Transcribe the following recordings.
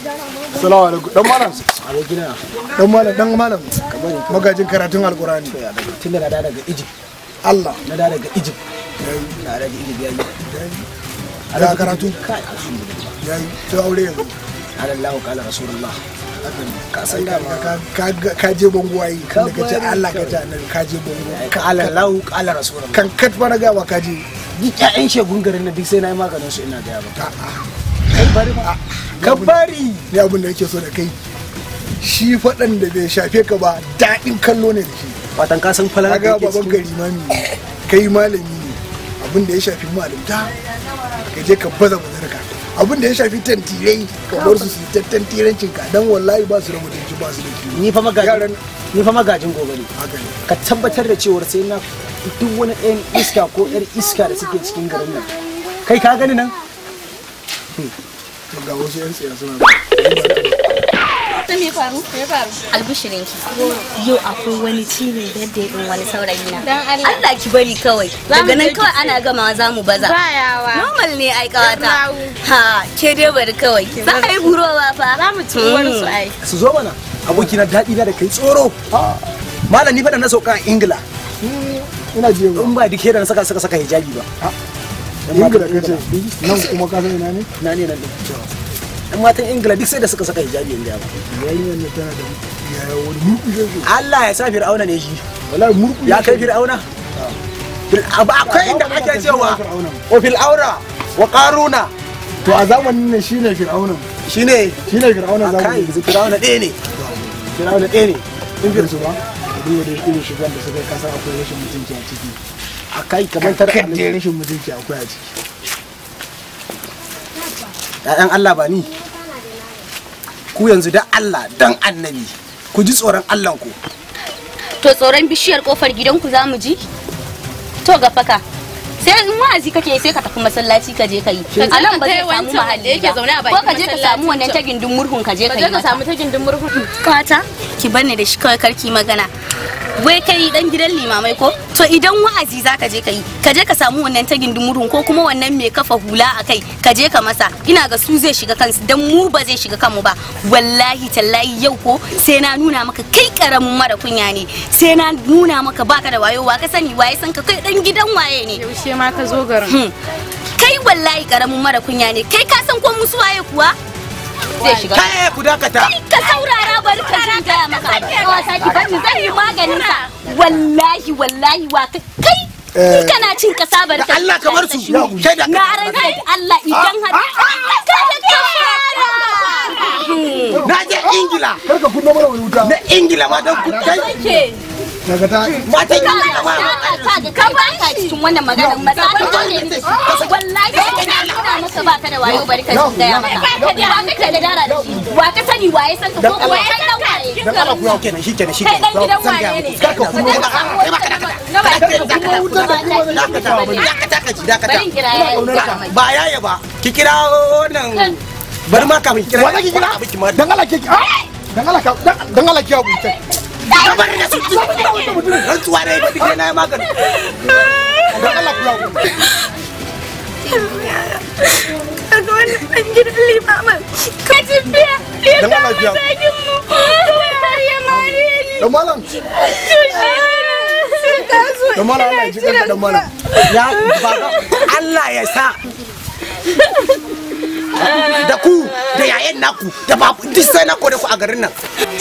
Salamu alaikum. Dan malam. Dan malam, dan malam. Magajin karatun Alkurani. Tun daga daga Egypt. Allah. Na da daga Egypt. Na daga Egypt yayi. karatu. Yayi. To aure yanzu. Allah wa kala Rasulullah. ka san ka je bango ayi daga ce Allah ka ta nan ka je bango ka rasulullah kan kat fara ka je ƴaƴan shegun garin na duk sai na yi maganin su ina bari fa ah, ka bari ni abin da yake so da kai shi faɗan da bai shafe ka ba daɗin kallo ne da shi fatan ka san falala ga baban gari mami kai malami ne abin da ya shafi malamta ka je ka baza bazarka abin da ya shafi tantirai ka bar su su tantirancin ka dan wallahi ba su da mutunci ba su da kiwo ni fa magajin ni fa magajin gobe ka tabbatar da cewar sai na duk wani ɗayan iska ko ɗan iska da suke cikin garin nan kai ka gani nan to wasu yan suna faru? ki. Yau akwai wani cibin birthday din wani saurayi na. Dan Allah. Allah ki bari kawai. Daga nan kawai ana gama za mu baza. Bayawa. Normal ne ai kawata. Ha, ke dai bari kawai. Za a yi burowa fa. Za mu ci wani su ai. Hmm. Su zo mana. Abokina daɗi na da kai tsoro. Malam ni fa da na sauka a Ingila. Hmm. Ina jiyo. In ba dike da na saka saka saka hijabi ba. ingila kace nan kuma ka san ne ne nan din yan matan ingila duk sai da suka saka hijabi in jama yayin nan tana da yaya wani murkushe Allah ya sa fir'auna ne shi wallahi ya kai fir'auna akwai inda ake cewa wa fil'aura wa qaruna to a zamanin nan shine fir'auna shine fir'auna zamanin fir'auna ɗaya ne fir'auna ɗaya ne in fir'auna ba duba da da suka kasa akwai rashin mutunci a ciki a kai kamar tara alin rashin mutunci akwai a ciki ‘ya'yan Allah ba ni ku yanzu da Allah dan annabi ku ji tsoron Allah ku to tsoron bishiyar kofar gidanku za mu ji to ga faka sai in wa'azi kake sai ka tafi masallaci ka je ka yi a nan ba zai samu mahalli ba ko ka je ka samu wannan ta gindin murhun ka je ka yi ka samu ta gindin murhun kata ki bar ni da shi kawai karki magana wai kai dan gidan limamai ko to idan wa'azi zaka je ka yi ka je ka samu wannan tagin dumurun ko kuma wannan mai kafa hula a kai ka je ka masa ina ga su zai shiga kansu dan mu ba zai shiga kanmu ba wallahi tallahi yau ko sai na nuna maka kai karamin mara kunya ne sai na nuna maka baka da wayo wa ka sani waye san ka kai dan gidan waye ne yaushe ma ka zo garin hmm. kai wallahi karamin mara kunya ne kai ka san ko musu waye kuwa zai shiga dakata ka saurara bari ka jin gaya maka saki zan yi maganin sa wallahi wallahi wa kai Ni eh. kana cin kasa bar ka. Allah kamar su. na ranka Allah idan har ah, ah. ka Na je Ingila. Karka kunna mana wuta. Na Ingila ma dan kai. daga ta ba ta ka ba ta da ka ba ta cikin wannan maganar maza ta ta ne wallahi sai ka nuna masa ba ka da wayo bari ka gaya maka ba ka da dara da shi wa ka sani waye san ka ko kuma ka dauka ne dan Allah ku yau kenan shikenan shikenan dan gidan waye ne ka ka kuma ka kai maka daga ka ba ka da ka wutar da kuma ka ta ba da ka ta ka ji ka ta ba yaya ka ki kira wannan ka kira wannan ki ka dan Allah ki ka dan Allah ki kamar da su rantsuwa ne da dike na yi magani don Allah kula ku kaga wani ɗan gidan limaman ka ji biya ya kama zagin mu ya mare ni da malam da malam Allah ya ji kanka malam ya Allah ya sa da ku da yayan naku da babu duk sai na kore ku a garin nan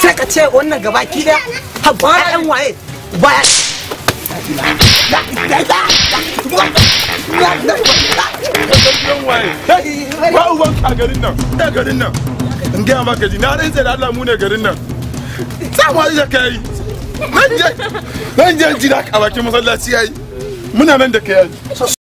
sai ka ce wannan gaba ki da habba yan waye baya ba uban a garin nan da garin nan in gaya maka ji na rantsa da Allah mu ne garin nan samu da kai nan je nan je ji da a bakin masallaci yayi muna nan da kai